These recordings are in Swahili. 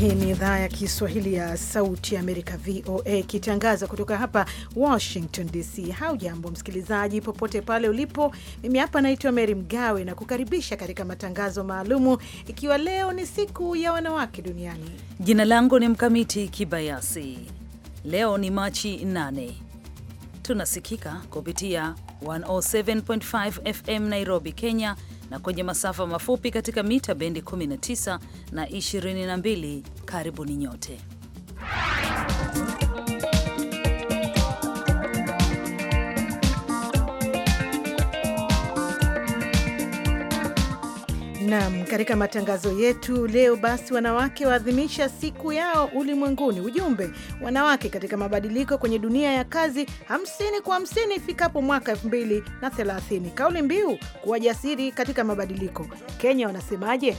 Hii ni idhaa ya Kiswahili ya Sauti ya Amerika, VOA, ikitangaza kutoka hapa Washington DC. Haujambo msikilizaji, popote pale ulipo. Mimi hapa naitwa Meri Mgawe na kukaribisha katika matangazo maalumu, ikiwa leo ni siku ya wanawake duniani. Jina langu ni Mkamiti Kibayasi. Leo ni Machi 8. Tunasikika kupitia 107.5 FM Nairobi, Kenya na kwenye masafa mafupi katika mita bendi 19 na 22. Karibuni nyote. Naam, katika matangazo yetu leo basi, wanawake waadhimisha siku yao ulimwenguni. Ujumbe wanawake katika mabadiliko kwenye dunia ya kazi, hamsini kwa hamsini ifikapo mwaka elfu mbili na thelathini. Kauli mbiu kuwa jasiri katika mabadiliko. Kenya wanasemaje?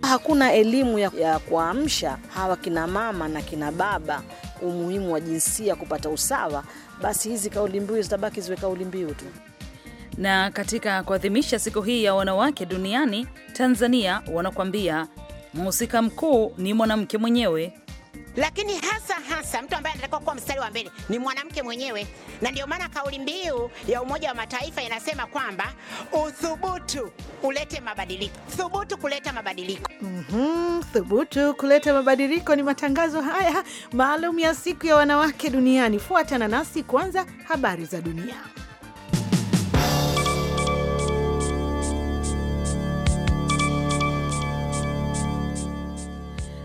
Hakuna elimu ya, ya kuamsha hawa kina mama na kina baba umuhimu wa jinsia kupata usawa, basi hizi kauli mbiu zitabaki ziwe kauli mbiu tu. Na katika kuadhimisha siku hii ya wanawake duniani, Tanzania wanakuambia mhusika mkuu ni mwanamke mwenyewe lakini hasa hasa mtu ambaye anatakiwa kuwa mstari wa mbele ni mwanamke mwenyewe, na ndio maana kauli mbiu ya Umoja wa Mataifa inasema kwamba uthubutu ulete mabadiliko. Thubutu kuleta mabadiliko. mm -hmm, thubutu kuleta mabadiliko ni matangazo haya maalum ya siku ya wanawake duniani. Fuatana nasi kwanza, habari za dunia.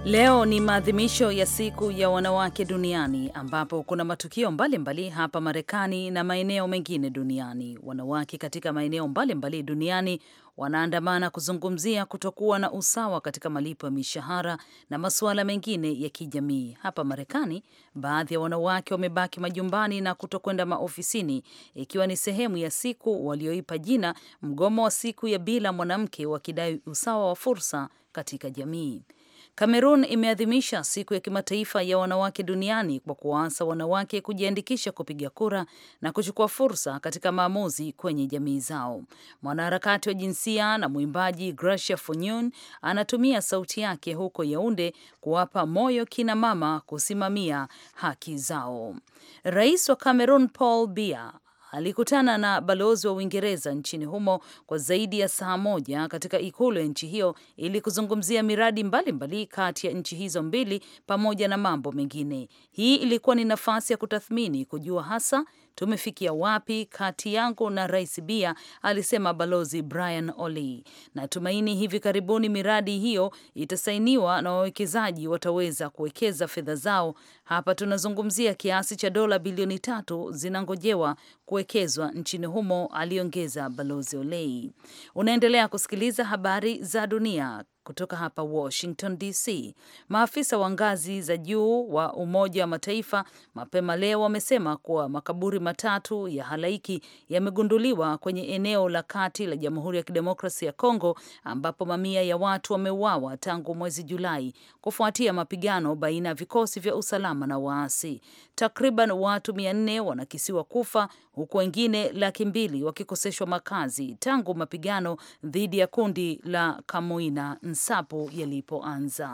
Leo ni maadhimisho ya siku ya wanawake duniani ambapo kuna matukio mbalimbali mbali hapa Marekani na maeneo mengine duniani. Wanawake katika maeneo mbalimbali duniani wanaandamana kuzungumzia kutokuwa na usawa katika malipo ya mishahara na masuala mengine ya kijamii. Hapa Marekani, baadhi ya wanawake wamebaki majumbani na kutokwenda maofisini, ikiwa ni sehemu ya siku walioipa jina mgomo wa siku ya bila mwanamke, wakidai usawa wa fursa katika jamii. Kamerun imeadhimisha siku ya kimataifa ya wanawake duniani kwa kuwaasa wanawake kujiandikisha kupiga kura na kuchukua fursa katika maamuzi kwenye jamii zao. Mwanaharakati wa jinsia na mwimbaji Gracia Fonyun anatumia sauti yake huko Yaunde kuwapa moyo kina mama kusimamia haki zao. Rais wa Kamerun Paul Bia alikutana na balozi wa Uingereza nchini humo kwa zaidi ya saa moja katika ikulu ya nchi hiyo ili kuzungumzia miradi mbalimbali kati ya nchi hizo mbili pamoja na mambo mengine. Hii ilikuwa ni nafasi ya kutathmini, kujua hasa tumefikia wapi kati yangu na Rais Bia, alisema Balozi Brian oli Natumaini hivi karibuni miradi hiyo itasainiwa na wawekezaji wataweza kuwekeza fedha zao hapa. Tunazungumzia kiasi cha dola bilioni tatu zinangojewa kuwekezwa nchini humo, aliongeza Balozi Olei. Unaendelea kusikiliza habari za dunia kutoka hapa Washington DC, maafisa wa ngazi za juu wa Umoja wa Mataifa mapema leo wamesema kuwa makaburi matatu ya halaiki yamegunduliwa kwenye eneo la kati la Jamhuri ya Kidemokrasi ya Kongo ambapo mamia ya watu wameuawa tangu mwezi Julai kufuatia mapigano baina ya vikosi vya usalama na waasi. Takriban watu mia nne wanakisiwa kufa huku wengine laki mbili wakikoseshwa makazi tangu mapigano dhidi ya kundi la Kamuina Nsapu yalipoanza.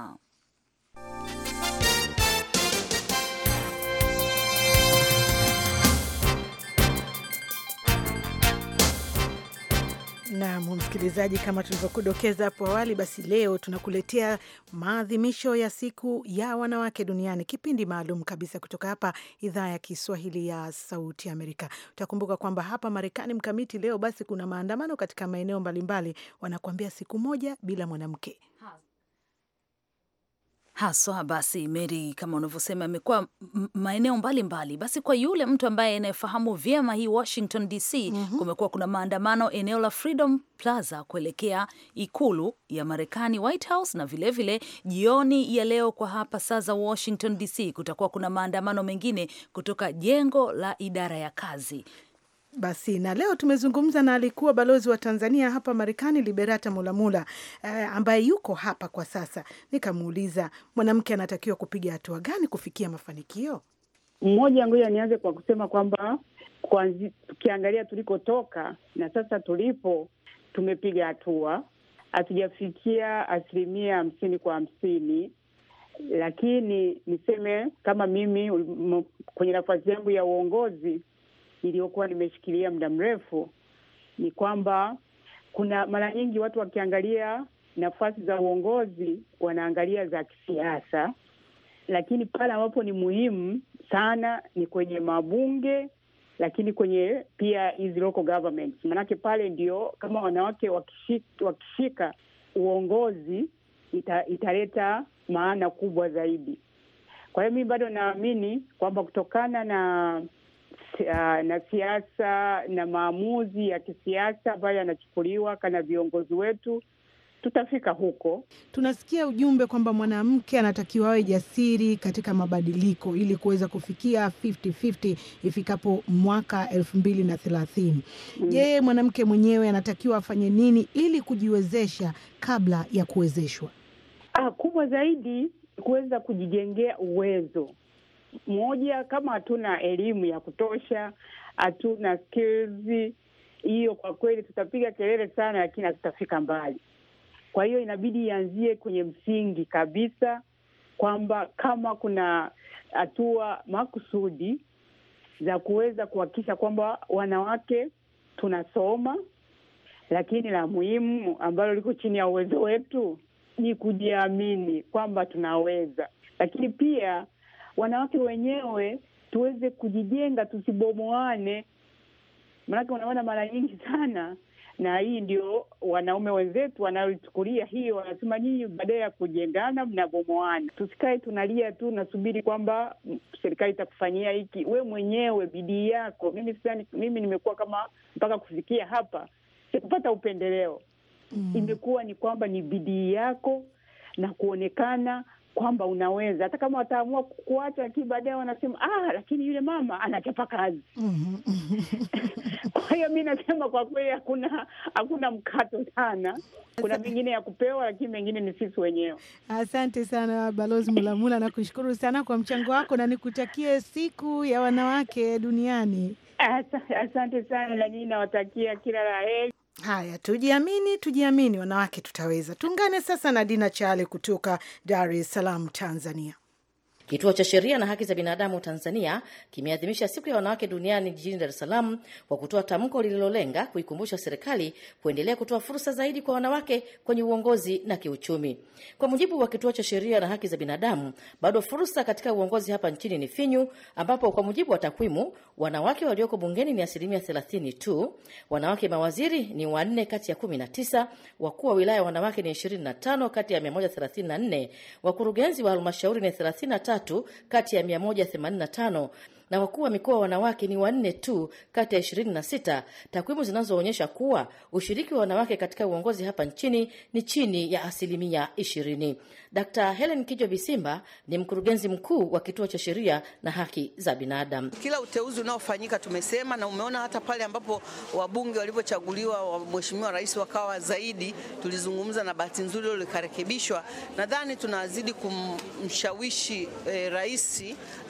Nam msikilizaji, kama tulivyokudokeza hapo awali, basi leo tunakuletea maadhimisho ya siku ya wanawake duniani, kipindi maalum kabisa kutoka hapa idhaa ya Kiswahili ya Sauti Amerika. Utakumbuka kwamba hapa Marekani mkamiti leo basi kuna maandamano katika maeneo mbalimbali, wanakuambia siku moja bila mwanamke haswa. Basi Mary, kama unavyosema, imekuwa maeneo mbalimbali. Basi kwa yule mtu ambaye anayefahamu vyema hii Washington DC, mm -hmm. kumekuwa kuna maandamano eneo la Freedom Plaza kuelekea ikulu ya Marekani, White House, na vilevile vile, jioni ya leo kwa hapa saa za Washington DC kutakuwa kuna maandamano mengine kutoka jengo la idara ya kazi basi na leo tumezungumza na alikuwa balozi wa Tanzania hapa Marekani, Liberata Mulamula eh, ambaye yuko hapa kwa sasa. Nikamuuliza mwanamke anatakiwa kupiga hatua gani kufikia mafanikio. Mmoja, ngoja nianze kwa kusema kwamba kwanzi, tukiangalia tulikotoka na sasa tulipo, tumepiga hatua. Hatujafikia asilimia hamsini kwa hamsini, lakini niseme kama mimi kwenye nafasi yangu ya uongozi niliyokuwa nimeshikilia muda mrefu ni kwamba kuna mara nyingi watu wakiangalia nafasi za uongozi wanaangalia za kisiasa, lakini pale ambapo ni muhimu sana ni kwenye mabunge, lakini kwenye pia hizi local government, pale ndio kama wanawake wakishika, wakishika uongozi ita, italeta maana kubwa zaidi. Kwa hiyo mii bado naamini kwamba kutokana na Uh, na siasa na maamuzi ya kisiasa ambayo yanachukuliwa kana viongozi wetu tutafika huko. Tunasikia ujumbe kwamba mwanamke anatakiwa awe jasiri katika mabadiliko ili kuweza kufikia 50-50 ifikapo mwaka elfu mbili na thelathini. Mm. Je, mm, mwanamke mwenyewe anatakiwa afanye nini ili kujiwezesha kabla ya kuwezeshwa? Ah, kubwa zaidi kuweza kujijengea uwezo moja, kama hatuna elimu ya kutosha, hatuna skills hiyo, kwa kweli tutapiga kelele sana, lakini hatutafika mbali. Kwa hiyo inabidi ianzie kwenye msingi kabisa, kwamba kama kuna hatua makusudi za kuweza kuhakikisha kwamba wanawake tunasoma, lakini la muhimu ambalo liko chini ya uwezo wetu ni kujiamini kwamba tunaweza, lakini pia wanawake wenyewe tuweze kujijenga, tusibomoane. Maanake unaona mara nyingi sana, na hii ndio wanaume wenzetu wanaoichukulia hiyo, wanasema nyinyi baadaye ya kujengana mnabomoana. Tusikae tunalia tu nasubiri kwamba serikali itakufanyia hiki, we mwenyewe bidii yako. Mimi sidhani, mimi nimekuwa kama mpaka kufikia hapa sikupata upendeleo. Mm. Imekuwa ni kwamba ni bidii yako na kuonekana kwamba unaweza hata kama wataamua kuacha, lakini baadaye wanasema ah, lakini yule mama anachapa kazi. Mm-hmm. Kwa hiyo mi nasema kwa kweli hakuna hakuna mkato sana, kuna mengine ya kupewa, lakini mengine ni sisi wenyewe. Asante sana Balozi Mulamula, nakushukuru sana kwa mchango wako na nikutakie siku ya wanawake duniani. Asante sana, na nawatakia kila la heri. Haya, tujiamini, tujiamini wanawake, tutaweza. Tuungane sasa na Dina Chale kutoka Dar es Salaam, Tanzania. Kituo cha Sheria na Haki za Binadamu Tanzania kimeadhimisha Siku ya Wanawake Duniani jijini Dar es Salaam kwa kutoa tamko lililolenga kuikumbusha serikali kuendelea kutoa fursa zaidi kwa wanawake kwenye uongozi na kiuchumi. Kwa mujibu wa Kituo cha Sheria na Haki za Binadamu, bado fursa katika uongozi hapa nchini ni finyu, ambapo kwa mujibu wa takwimu wanawake walioko bungeni ni asilimia 30 tu, wanawake mawaziri ni wanne kati ya 19, wakuu wa wilaya wanawake ni 25 kati ya 134, wakurugenzi wa halmashauri ni 33 tatu kati ya 185 na wakuu wa mikoa wanawake ni wanne tu kati ya sita takwimu zinazoonyesha kuwa ushiriki wa wanawake katika uongozi hapa nchini ni chini ya asilimia ishirini Dkt. Helen Kijo Bisimba ni mkurugenzi mkuu wa kituo cha sheria na haki za binadamu. Kila uteuzi unaofanyika tumesema, na umeona hata pale ambapo wabunge walivyochaguliwa mweshimiwa rais wakawa zaidi, tulizungumza na bahati nzuri leo likarekebishwa. Nadhani tunazidi kumshawishi eh, rais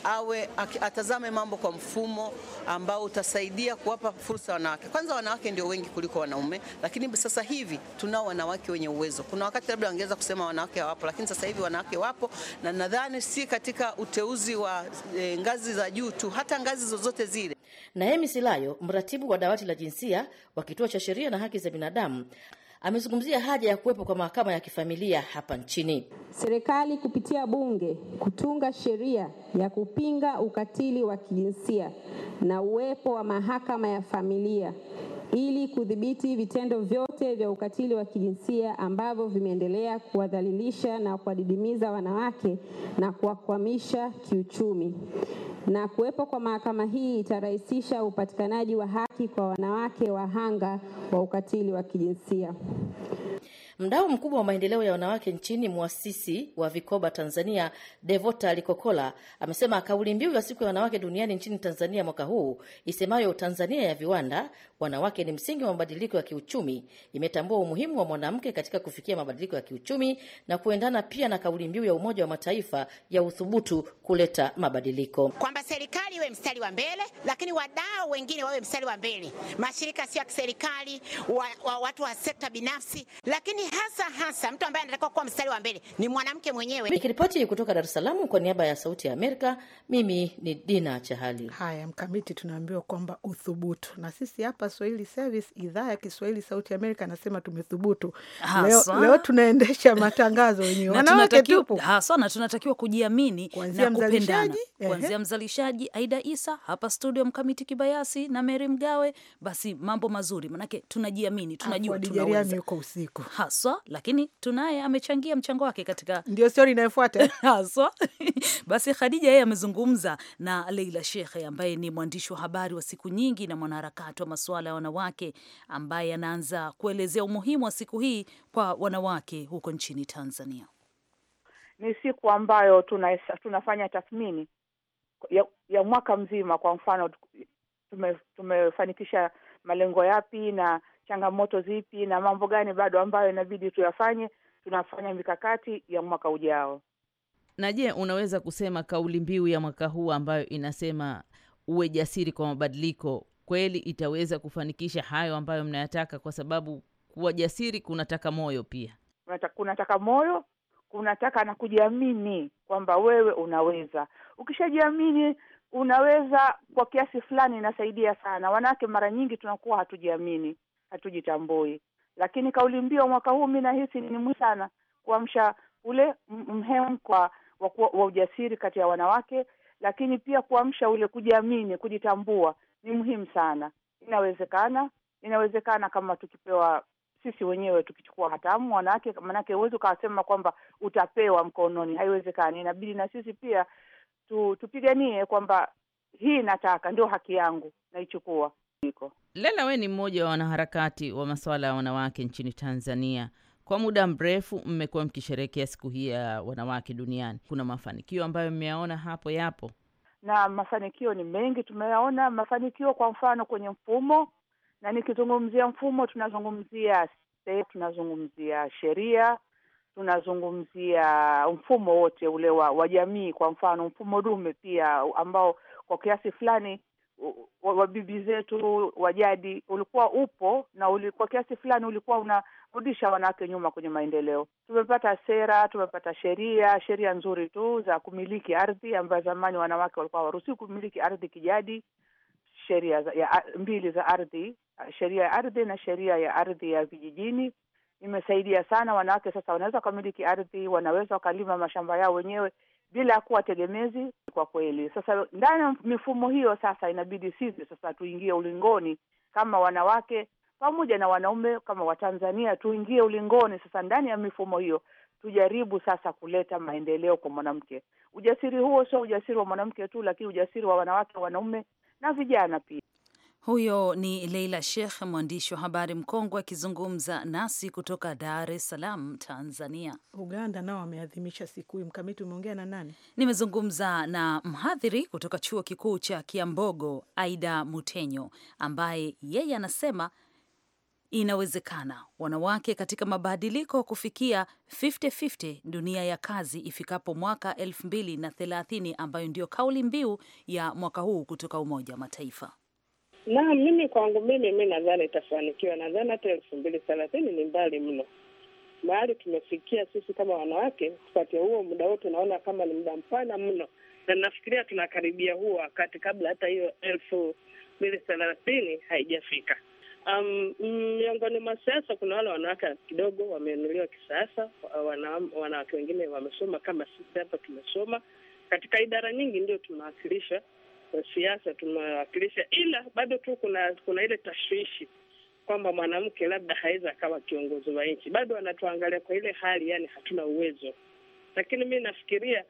awe atazama tutazame mambo kwa mfumo ambao utasaidia kuwapa fursa wanawake. Kwanza wanawake ndio wengi kuliko wanaume, lakini sasa hivi tunao wanawake wenye uwezo. Kuna wakati labda wangeweza kusema wanawake hawapo, lakini sasa hivi wanawake wapo, na nadhani si katika uteuzi wa e, ngazi za juu tu, hata ngazi zozote zile. Naemi Silayo, mratibu wa dawati la jinsia wa kituo cha sheria na haki za binadamu amezungumzia haja ya kuwepo kwa mahakama ya kifamilia hapa nchini. Serikali kupitia bunge kutunga sheria ya kupinga ukatili wa kijinsia na uwepo wa mahakama ya familia ili kudhibiti vitendo vyote vya ukatili wa kijinsia ambavyo vimeendelea kuwadhalilisha na kuwadidimiza wanawake na kuwakwamisha kiuchumi na kuwepo kwa mahakama hii itarahisisha upatikanaji wa haki kwa wanawake wahanga wa ukatili wa kijinsia. Mdau mkubwa wa maendeleo ya wanawake nchini, mwasisi wa Vikoba Tanzania, Devota Likokola, amesema kauli mbiu ya siku ya wanawake duniani nchini Tanzania mwaka huu isemayo Tanzania ya viwanda, wanawake ni msingi wa mabadiliko ya kiuchumi, imetambua umuhimu wa mwanamke katika kufikia mabadiliko ya kiuchumi na kuendana pia na kauli mbiu ya Umoja wa Mataifa ya uthubutu kuleta mabadiliko, kwamba serikali iwe mstari wa mbele, lakini wadau wengine wawe mstari wa mbele, mashirika sio ya kiserikali wa, wa, watu wa sekta binafsi, lakini lakini hasa hasa mtu ambaye anatakiwa kuwa mstari wa mbele ni mwanamke mwenyewe. Nikiripoti kutoka Dar es Salaam kwa niaba ya Sauti ya Amerika, mimi ni Dina Chahali. Haya, mkamiti, tunaambiwa kwamba uthubutu, na sisi hapa Swahili Service, idhaa ya Kiswahili Sauti ya Amerika, anasema tumethubutu. Leo, leo tunaendesha matangazo wenyewe wanawake haswa, na tunatakiwa kujiamini na kupendana, kuanzia mzalishaji Aida Isa hapa studio, mkamiti Kibayasi na meri Mgawe. Basi mambo mazuri, manake tunajiamini, tunajua tunaweza usiku haswa, lakini tunaye amechangia mchango wake katika, ndio stori inayofuata haswa. Basi Khadija yeye amezungumza na Leila Shekhe ambaye ni mwandishi wa habari wa siku nyingi na mwanaharakati wa masuala ya wanawake ambaye anaanza kuelezea umuhimu wa siku hii kwa wanawake huko nchini Tanzania. Ni siku ambayo tunafanya tathmini ya, ya mwaka mzima. Kwa mfano tume, tumefanikisha malengo yapi na changamoto zipi na mambo gani bado ambayo inabidi tuyafanye. Tunafanya mikakati ya mwaka ujao. Na je, unaweza kusema kauli mbiu ya mwaka huu ambayo inasema uwe jasiri kwa mabadiliko kweli itaweza kufanikisha hayo ambayo mnayataka? Kwa sababu kuwa jasiri kunataka moyo pia, kunataka moyo, kunataka na kujiamini kwamba wewe unaweza. Ukishajiamini unaweza kwa kiasi fulani, inasaidia sana. Wanawake mara nyingi tunakuwa hatujiamini, hatujitambui. Lakini kauli mbiu mwaka huu mi nahisi ni muhimu sana kuamsha ule mhemkwa wa ujasiri kati ya wanawake, lakini pia kuamsha ule kujiamini, kujitambua ni muhimu sana. Inawezekana, inawezekana kama tukipewa sisi wenyewe tukichukua hatamu wanawake, maanake huwezi ukawasema kwamba utapewa mkononi, haiwezekani. Inabidi na sisi pia tu, tupiganie kwamba hii nataka, ndio haki yangu naichukua. Lela, we ni mmoja wa wanaharakati wa masuala ya wanawake nchini Tanzania. Kwa muda mrefu mmekuwa mkisherehekea siku hii ya wanawake duniani. Kuna mafanikio ambayo mmeyaona hapo? Yapo na mafanikio ni mengi tumeyaona. Mafanikio kwa mfano kwenye mfumo, na nikizungumzia mfumo tunazungumzia tunazungumzia sheria, tunazungumzia mfumo wote ule wa jamii. Kwa mfano mfumo dume pia ambao kwa kiasi fulani wabibi zetu wa jadi ulikuwa upo na ulikuwa kiasi fulani ulikuwa unarudisha wanawake nyuma kwenye maendeleo. Tumepata sera, tumepata sheria, sheria nzuri tu za kumiliki ardhi ambayo zamani wanawake walikuwa hawaruhusiwi kumiliki ardhi kijadi, sheria ya mbili za ardhi, sheria ya ardhi na sheria ya ardhi ya vijijini imesaidia sana wanawake. Sasa wanaweza wakamiliki ardhi, wanaweza wakalima mashamba yao wenyewe bila kuwa tegemezi kwa kweli. Sasa ndani ya mifumo hiyo sasa inabidi sisi sasa tuingie ulingoni kama wanawake pamoja na wanaume kama Watanzania, tuingie ulingoni sasa ndani ya mifumo hiyo, tujaribu sasa kuleta maendeleo kwa mwanamke. Ujasiri huo sio ujasiri wa mwanamke tu, lakini ujasiri wa wanawake, wanaume na vijana pia. Huyo ni Leila Sheikh, mwandishi wa habari mkongwe, akizungumza nasi kutoka Dar es Salaam, Tanzania. Uganda nao wameadhimisha siku hii. Mkamiti, umeongea na nani? Nimezungumza na mhadhiri kutoka chuo kikuu cha Kiambogo, Aida Mutenyo, ambaye yeye anasema inawezekana wanawake katika mabadiliko kufikia 50-50 dunia ya kazi ifikapo mwaka 230 ambayo ndiyo kauli mbiu ya mwaka huu kutoka Umoja wa Mataifa. Naam, mimi kwangu mimi mi nadhani itafanikiwa. Nadhani hata elfu mbili thelathini ni mbali mno, mahali tumefikia sisi kama wanawake kupatia huo muda wote, unaona kama ni muda mpana mno, na nafikiria tunakaribia huo wakati kabla hata hiyo elfu mbili thelathini haijafika. Um, miongoni mwa siasa kuna wale wanawake kidogo wameinuliwa kisasa, wanawake wengine wamesoma kama sisi hapa tumesoma katika idara nyingi, ndio tunawakilisha siasa tumewakilisha, ila bado tu kuna kuna ile tashwishi kwamba mwanamke labda haweza akawa kiongozi wa nchi, bado anatuangalia kwa ile hali, yani hatuna uwezo. Lakini mi nafikiria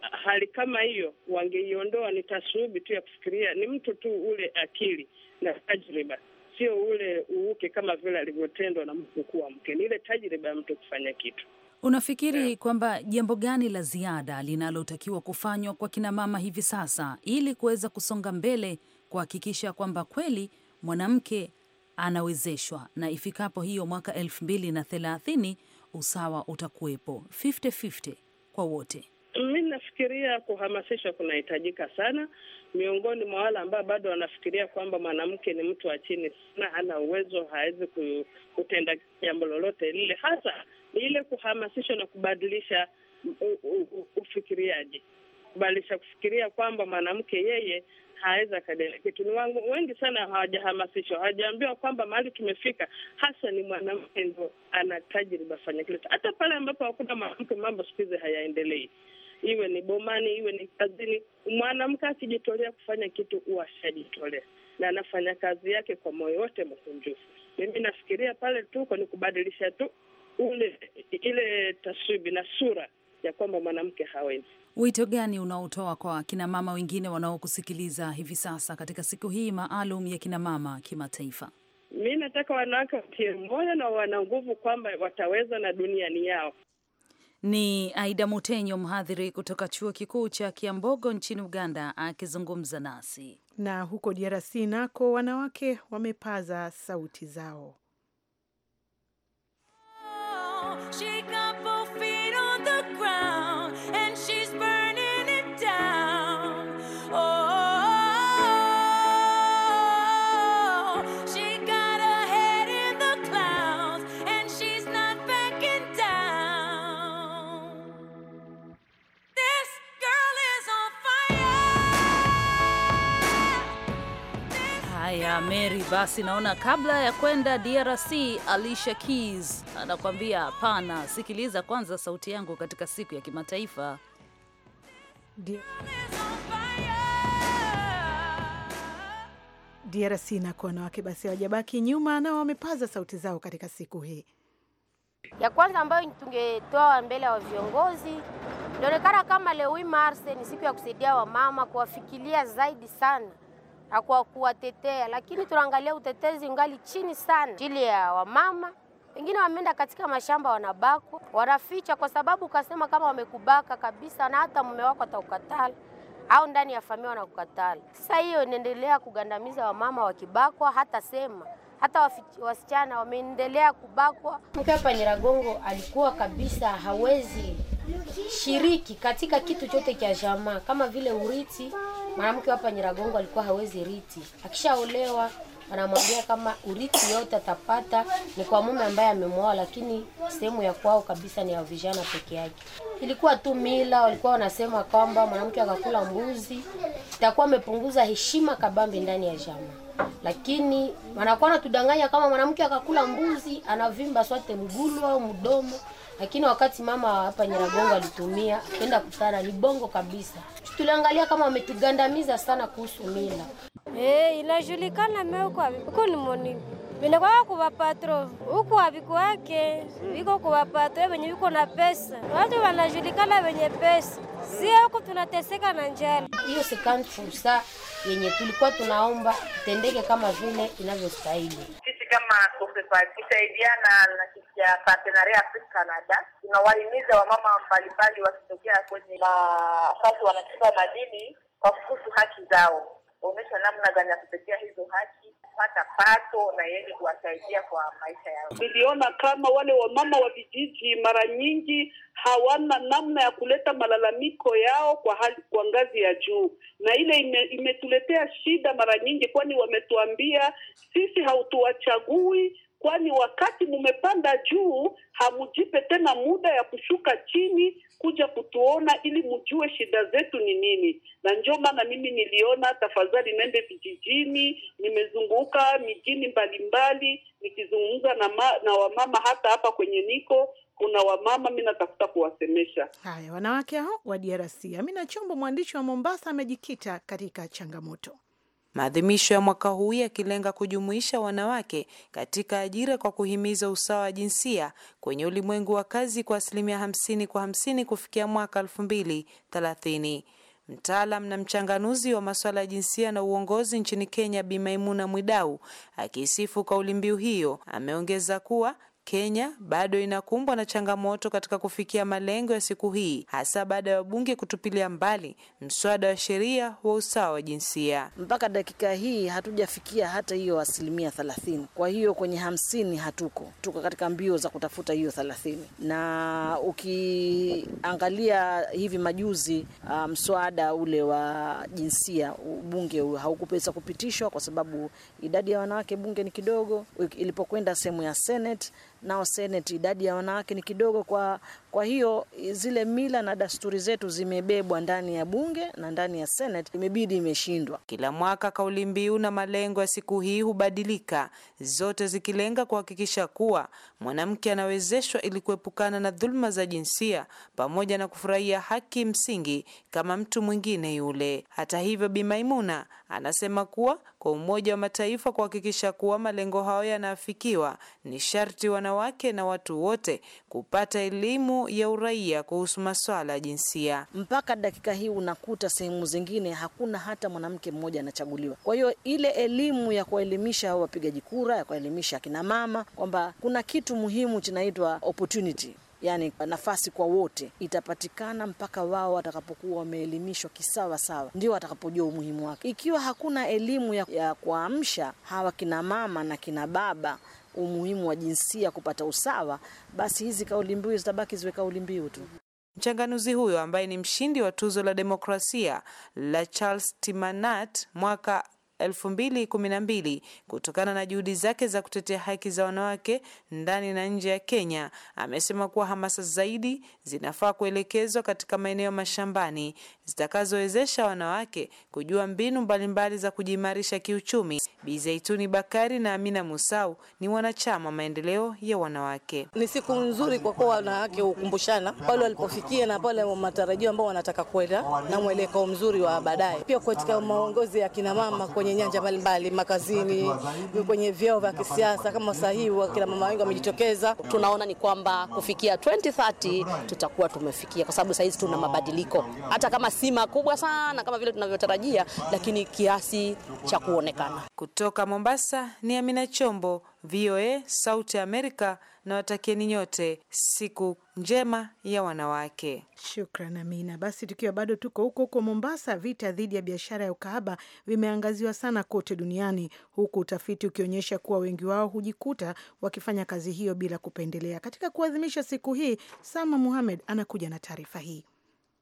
hali kama hiyo wangeiondoa, ni tasuubi tu ya kufikiria, ni mtu tu ule akili na tajriba, sio ule uuke kama vile alivyotendwa na mkuu wa mke. Ni ile tajriba ya mtu kufanya kitu. Unafikiri kwamba jambo gani la ziada linalotakiwa kufanywa kwa kinamama hivi sasa ili kuweza kusonga mbele kuhakikisha kwamba kweli mwanamke anawezeshwa na ifikapo hiyo mwaka elfu mbili na thelathini usawa utakuwepo 50-50 kwa wote? Mi nafikiria kuhamasisha kunahitajika sana miongoni mwa wale ambao bado wanafikiria kwamba mwanamke ni mtu wa chini sana, hana uwezo, hawezi kutenda jambo lolote lile, hasa ni ile kuhamasisha na kubadilisha ufikiriaji, kubadilisha kufikiria kwamba mwanamke yeye haweza akaendelea kitu. Ni wangu wengi sana hawajahamasishwa, hawajaambiwa kwamba mahali tumefika hasa ni mwanamke ndo ana tajriba fanya kile. Hata pale ambapo hakuna mwanamke, mambo siku hizi hayaendelei, iwe ni bomani, iwe ni kazini. Mwanamke akijitolea kufanya kitu, huwa ashajitolea na anafanya kazi yake kwa moyo wote mkunjufu. Mimi nafikiria pale tuko ni kubadilisha tu ule ile taswibi na sura ya kwamba mwanamke hawezi. Wito gani unaotoa kwa kinamama wengine wanaokusikiliza hivi sasa katika siku hii maalum ya kinamama kimataifa? Mi nataka wanawake watie moyo na wana nguvu kwamba wataweza na duniani yao. Ni Aida Mutenyo, mhadhiri kutoka chuo kikuu cha Kiambogo nchini Uganda, akizungumza nasi. Na huko DRC nako wanawake wamepaza sauti zao. Mary, basi naona kabla ya kwenda DRC, Alicia Keys anakuambia hapana. Sikiliza kwanza sauti yangu katika siku ya kimataifa DRC DRC nako wanawake basi hawajabaki nyuma na wamepaza sauti zao katika siku hii. Ya kwanza ambayo tungetoa mbele wa viongozi ilionekana kama leo hii Mars ni siku ya kusaidia wamama kuwafikilia zaidi sana hakuwa kuwatetea, lakini tunaangalia utetezi ungali chini sana jili ya wamama wengine wameenda katika mashamba wanabakwa, wanaficha kwa sababu ukasema kama wamekubaka kabisa, na hata mume wako atakukatala au ndani ya familia wanakukatala. Sasa hiyo inaendelea kugandamiza wamama wakibakwa, hata sema hata wasichana wameendelea kubakwa. Mke hapa Nyiragongo alikuwa kabisa hawezi shiriki katika kitu chote cha jamaa kama vile urithi mwanamke hapa Nyiragongo alikuwa hawezi riti, akishaolewa anamwambia kama urithi yote atapata ni kwa mume ambaye amemwoa, lakini sehemu ya kwao kabisa ni ya vijana peke yake. Ilikuwa tu mila, walikuwa wanasema kwamba mwanamke akakula mbuzi itakuwa amepunguza heshima kabambi ndani ya jamaa, lakini wanakuwa wanatudanganya kama mwanamke akakula mbuzi anavimba swate mgulu au mdomo lakini wakati mama hapa Nyiragongo alitumia akenda kutana ni bongo kabisa. Tuliangalia kama wametugandamiza sana kuhusu mila. Hey, eh, inajulikana meuko uko ni moni vinakwaa kuva patro huku avikwake viko kuva patro venye viko na pesa, watu wanajulikana venye pesa, si huku tunateseka na njala. Hiyo sekandi fursa yenye tulikuwa tunaomba tendeke kama vile inavyostahili sisi kama COFEPA na kiti cha Partenariat Canada, tunawahimiza wamama mbalimbali wakitokea kwenye nafasi wanachimba madini kwa kuhusu haki zao, waonyesha namna gani ya kupitia hizo haki kupata pato na yeye kuwasaidia kwa maisha yao. Niliona kama wale wamama wa vijiji mara nyingi hawana namna ya kuleta malalamiko yao kwa hali, kwa ngazi ya juu, na ile ime, imetuletea shida mara nyingi, kwani wametuambia sisi hautuwachagui kwani wakati mumepanda juu hamujipe tena muda ya kushuka chini kuja kutuona ili mjue shida zetu ni nini. Na ndio maana mimi niliona tafadhali nende vijijini, nimezunguka mijini mbalimbali nikizungumza na, na wamama hata hapa kwenye niko kuna wamama mi natafuta kuwasemesha haya wanawake hao wa DRC. Amina Chombo, mwandishi wa Mombasa, amejikita katika changamoto Maadhimisho ya mwaka huu yakilenga kujumuisha wanawake katika ajira kwa kuhimiza usawa wa jinsia kwenye ulimwengu wa kazi kwa asilimia hamsini kwa hamsini kufikia mwaka elfu mbili thelathini. Mtaalam na mchanganuzi wa masuala ya jinsia na uongozi nchini Kenya, Bi Maimuna Mwidau, akiisifu kauli mbiu hiyo, ameongeza kuwa Kenya bado inakumbwa na changamoto katika kufikia malengo ya siku hii, hasa baada ya wabunge kutupilia mbali mswada wa sheria wa usawa wa jinsia. Mpaka dakika hii hatujafikia hata hiyo asilimia thelathini. Kwa hiyo kwenye hamsini hatuko, tuko katika mbio za kutafuta hiyo thelathini, na ukiangalia hivi majuzi uh, mswada ule wa jinsia bunge haukupesa kupitishwa kwa sababu idadi ya wanawake bunge ni kidogo. Ilipokwenda sehemu ya Senate nao Senate idadi ya wanawake ni kidogo kwa kwa hiyo zile mila na dasturi zetu zimebebwa ndani ya bunge na ndani ya Senate, imebidi imeshindwa. Kila mwaka kauli mbiu na malengo ya siku hii hubadilika, zote zikilenga kuhakikisha kuwa mwanamke anawezeshwa ili kuepukana na dhuluma za jinsia pamoja na kufurahia haki msingi kama mtu mwingine yule. Hata hivyo, Bi Maimuna anasema kuwa kwa Umoja wa Mataifa kuhakikisha kuwa malengo hayo yanaafikiwa, ni sharti wanawake na watu wote kupata elimu ya uraia kuhusu masuala ya jinsia. Mpaka dakika hii unakuta sehemu zingine hakuna hata mwanamke mmoja anachaguliwa. Kwa hiyo ile elimu ya kuwaelimisha wapigaji kura, ya kuwaelimisha akina mama kwamba kuna kitu muhimu kinaitwa opportunity Yani, nafasi kwa wote itapatikana mpaka wao watakapokuwa wameelimishwa kisawa sawa, ndio watakapojua umuhimu wake. Ikiwa hakuna elimu ya, ya kuamsha hawa kina mama na kina baba umuhimu wa jinsia kupata usawa, basi hizi kauli mbiu zitabaki ziwe kauli mbiu tu. Mchanganuzi huyo ambaye ni mshindi wa tuzo la demokrasia la Charles Timanat mwaka 2012 kutokana na juhudi zake za kutetea haki za wanawake ndani na nje ya Kenya. Amesema kuwa hamasa zaidi zinafaa kuelekezwa katika maeneo mashambani zitakazowezesha wanawake kujua mbinu mbalimbali za kujiimarisha kiuchumi. Bi Zaituni Bakari na Amina Musau ni wanachama maendeleo ya wanawake. Ni siku nzuri kwa kuwa wanawake hukumbushana pale walipofikia na pale matarajio ambao wanataka kwenda na mwelekeo mzuri wa baadaye, pia katika maongozi ya kinamama kwenye nyanja mbalimbali, makazini, kwenye vyeo vya kisiasa. Kama sahihi hivi wakina mama wengi wamejitokeza, tunaona ni kwamba kufikia 2030 tutakuwa tumefikia, kwa sababu sahizi tuna mabadiliko, hata kama si makubwa sana kama vile tunavyotarajia, lakini kiasi cha kuonekana. Kutoka Mombasa ni Amina Chombo. VOA, Sauti Amerika na watakieni nyote siku njema ya wanawake. Shukran, Amina. Basi tukiwa bado tuko huko huko Mombasa, vita dhidi ya biashara ya ukahaba vimeangaziwa sana kote duniani, huku utafiti ukionyesha kuwa wengi wao hujikuta wakifanya kazi hiyo bila kupendelea. Katika kuadhimisha siku hii, Salma Muhamed anakuja na taarifa hii.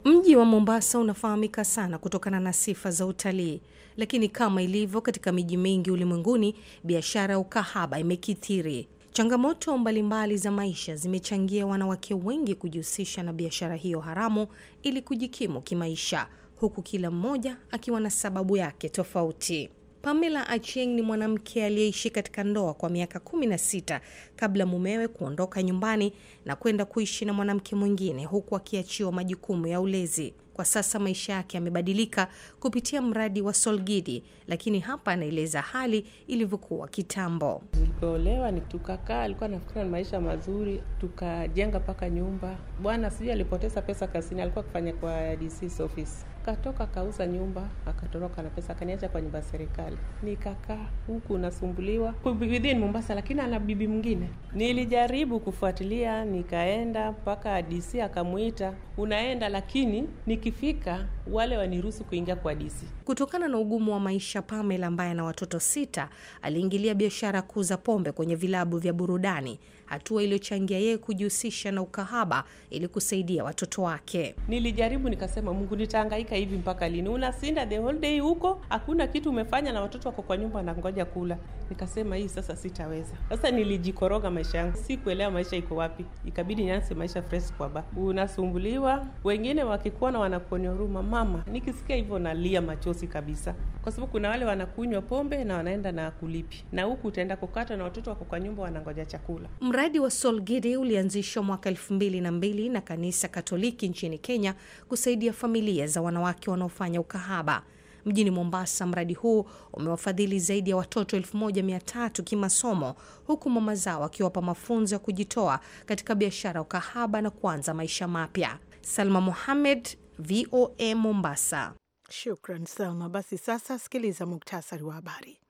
Mji wa Mombasa unafahamika sana kutokana na sifa za utalii, lakini kama ilivyo katika miji mingi ulimwenguni, biashara ya ukahaba imekithiri. Changamoto mbalimbali za maisha zimechangia wanawake wengi kujihusisha na biashara hiyo haramu ili kujikimu kimaisha, huku kila mmoja akiwa na sababu yake tofauti. Pamela acheng ni mwanamke aliyeishi katika ndoa kwa miaka kumi na sita kabla mumewe kuondoka nyumbani na kwenda kuishi na mwanamke mwingine huku akiachiwa majukumu ya ulezi. Kwa sasa maisha yake yamebadilika kupitia mradi wa Solgidi, lakini hapa anaeleza hali ilivyokuwa kitambo. ulipoolewa ni tukakaa, alikuwa ni maisha mazuri, tukajenga mpaka nyumba. Bwana sijui alipoteza pesa kazini, alikuwa akifanya kwa office Katoka kauza nyumba akatoroka na pesa, akaniacha kwa nyumba ya serikali. Nikakaa huku nasumbuliwa within Mombasa, lakini ana bibi mwingine. Nilijaribu kufuatilia, nikaenda mpaka DC akamwita, unaenda lakini nikifika wale waniruhusu kuingia kwa DC. Kutokana na ugumu wa maisha, Pamela ambaye ana watoto sita aliingilia biashara kuuza pombe kwenye vilabu vya burudani, hatua iliyochangia yeye kujihusisha na ukahaba ili kusaidia watoto wake. Nilijaribu nikasema, Mungu, nitahangaika unahangaika hivi mpaka lini? Unasinda the whole day huko, hakuna kitu umefanya, na watoto wako kwa nyumba wanangoja kula nikasema hii sasa sitaweza. Sasa nilijikoroga maisha yangu, si kuelewa maisha iko wapi, ikabidi nianze maisha fresh kwa ba. Unasumbuliwa, wengine wakikuona wanakuonea huruma. Mama, nikisikia hivyo nalia machozi kabisa, kwa sababu kuna wale wanakunywa pombe na wanaenda na kulipi, na huku utaenda kukata na watoto wako kwa nyumba wanangoja chakula. Mradi wa Solgidi ulianzishwa mwaka elfu mbili na mbili na kanisa Katoliki nchini Kenya kusaidia familia za wanawake wanaofanya ukahaba mjini Mombasa. Mradi huu umewafadhili zaidi ya watoto 1300 kimasomo, huku mama zao akiwapa mafunzo ya kujitoa katika biashara ya ukahaba na kuanza maisha mapya. Salma Mohamed, VOA Mombasa. Shukran Salma. Basi sasa sikiliza muktasari wa habari.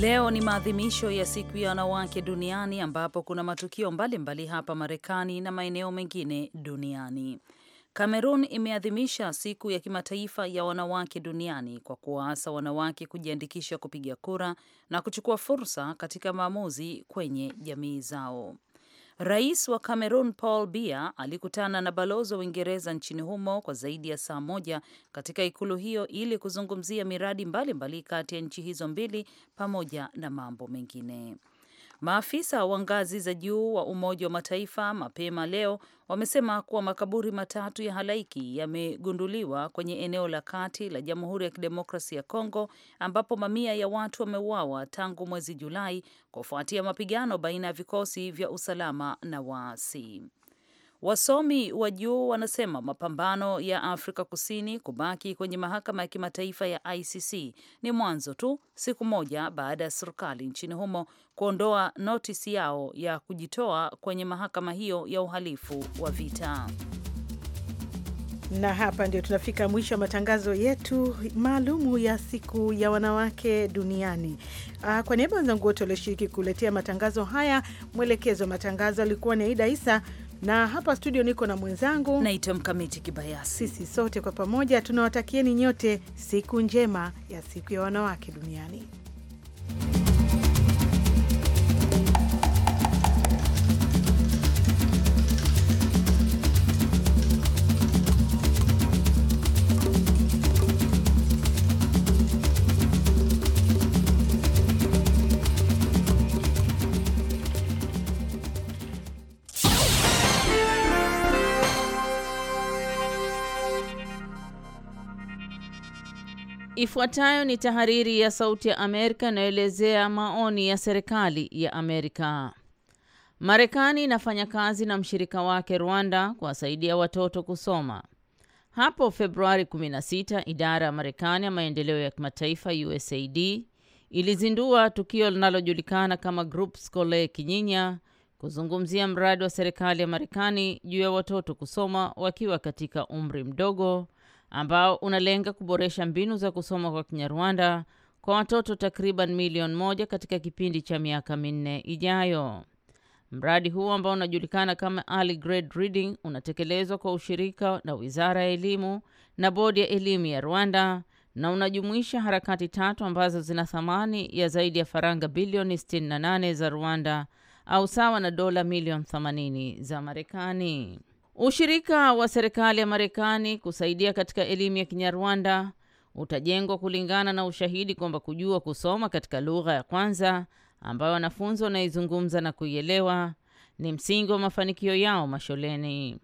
Leo ni maadhimisho ya siku ya wanawake duniani ambapo kuna matukio mbalimbali mbali hapa Marekani na maeneo mengine duniani. Kamerun imeadhimisha siku ya kimataifa ya wanawake duniani kwa kuwaasa wanawake kujiandikisha kupiga kura na kuchukua fursa katika maamuzi kwenye jamii zao. Rais wa Cameroon Paul Biya alikutana na balozi wa Uingereza nchini humo kwa zaidi ya saa moja katika ikulu hiyo ili kuzungumzia miradi mbalimbali kati ya nchi hizo mbili pamoja na mambo mengine. Maafisa wa ngazi za juu wa Umoja wa Mataifa mapema leo wamesema kuwa makaburi matatu ya halaiki yamegunduliwa kwenye eneo la kati la Jamhuri ya Kidemokrasi ya Kongo ambapo mamia ya watu wameuawa tangu mwezi Julai kufuatia mapigano baina ya vikosi vya usalama na waasi. Wasomi wa juu wanasema mapambano ya Afrika Kusini kubaki kwenye mahakama ya kimataifa ya ICC ni mwanzo tu, siku moja baada ya serikali nchini humo kuondoa notisi yao ya kujitoa kwenye mahakama hiyo ya uhalifu wa vita. Na hapa ndio tunafika mwisho wa matangazo yetu maalumu ya siku ya wanawake duniani. Ah, kwa niaba wenzangu wote walioshiriki kuletea matangazo haya, mwelekezo wa matangazo alikuwa ni Aida Isa na hapa studio niko na mwenzangu naitwa Mkamiti Kibayasi. Sisi sote kwa pamoja tunawatakieni nyote siku njema ya siku ya wanawake duniani. Ifuatayo ni tahariri ya Sauti ya Amerika inayoelezea maoni ya serikali ya Amerika. Marekani inafanya kazi na mshirika wake Rwanda kuwasaidia watoto kusoma. Hapo Februari 16, idara ya Marekani ya maendeleo ya kimataifa USAID ilizindua tukio linalojulikana kama Group Scolaire Kinyinya kuzungumzia mradi wa serikali ya Marekani juu ya watoto kusoma wakiwa katika umri mdogo ambao unalenga kuboresha mbinu za kusoma kwa Kinyarwanda kwa watoto takriban milioni moja katika kipindi cha miaka minne ijayo. Mradi huu ambao unajulikana kama Early Grade Reading unatekelezwa kwa ushirika na Wizara ya Elimu na Bodi ya Elimu ya Rwanda na unajumuisha harakati tatu ambazo zina thamani ya zaidi ya faranga bilioni 68 za Rwanda au sawa na dola milioni 80 za Marekani. Ushirika wa serikali ya Marekani kusaidia katika elimu ya Kinyarwanda utajengwa kulingana na ushahidi kwamba kujua kusoma katika lugha ya kwanza ambayo wanafunzi wanaizungumza na kuielewa ni msingi wa mafanikio yao masholeni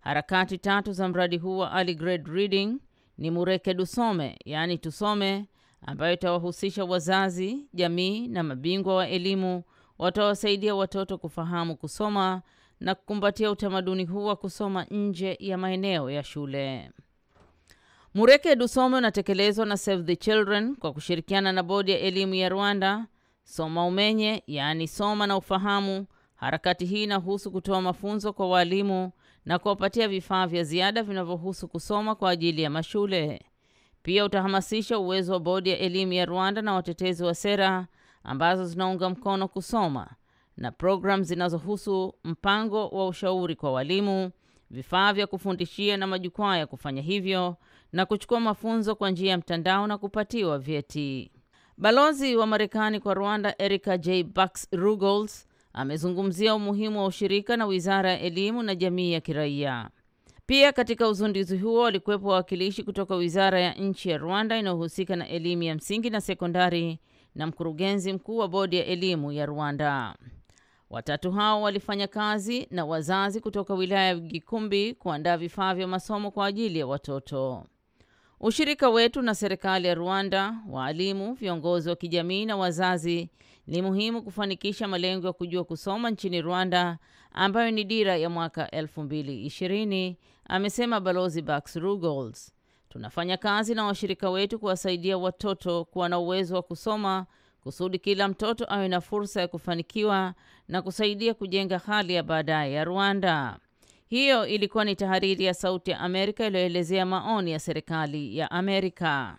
Harakati tatu za mradi huu wa early grade reading ni Mureke Dusome, yaani tusome, ambayo itawahusisha wazazi, jamii na mabingwa wa elimu watawasaidia watoto kufahamu kusoma na kukumbatia utamaduni huu wa kusoma nje ya maeneo ya shule. Mureke Dusome unatekelezwa na Save the Children kwa kushirikiana na bodi ya elimu ya Rwanda. Soma Umenye, yaani soma na ufahamu. Harakati hii inahusu kutoa mafunzo kwa walimu na kuwapatia vifaa vya ziada vinavyohusu kusoma kwa ajili ya mashule. Pia utahamasisha uwezo wa bodi ya elimu ya Rwanda na watetezi wa sera ambazo zinaunga mkono kusoma na programu zinazohusu mpango wa ushauri kwa walimu, vifaa vya kufundishia na majukwaa ya kufanya hivyo, na kuchukua mafunzo kwa njia ya mtandao na kupatiwa vyeti. Balozi wa Marekani kwa Rwanda Erica J. Bax Rugols amezungumzia umuhimu wa ushirika na Wizara ya Elimu na Jamii ya Kiraia. Pia katika uzinduzi huo walikuwepo wawakilishi kutoka Wizara ya Nchi ya Rwanda inayohusika na elimu ya msingi na sekondari na mkurugenzi mkuu wa Bodi ya Elimu ya Rwanda. Watatu hao walifanya kazi na wazazi kutoka wilaya ya Gikumbi kuandaa vifaa vya masomo kwa ajili ya watoto. Ushirika wetu na serikali ya Rwanda, waalimu, viongozi wa kijamii na wazazi ni muhimu kufanikisha malengo ya kujua kusoma nchini Rwanda ambayo ni dira ya mwaka 2020, amesema Balozi Bax Rugols. Tunafanya kazi na washirika wetu kuwasaidia watoto kuwa na uwezo wa kusoma kusudi kila mtoto awe na fursa ya kufanikiwa na kusaidia kujenga hali ya baadaye ya Rwanda. Hiyo ilikuwa ni tahariri ya Sauti ya Amerika iliyoelezea maoni ya serikali ya Amerika.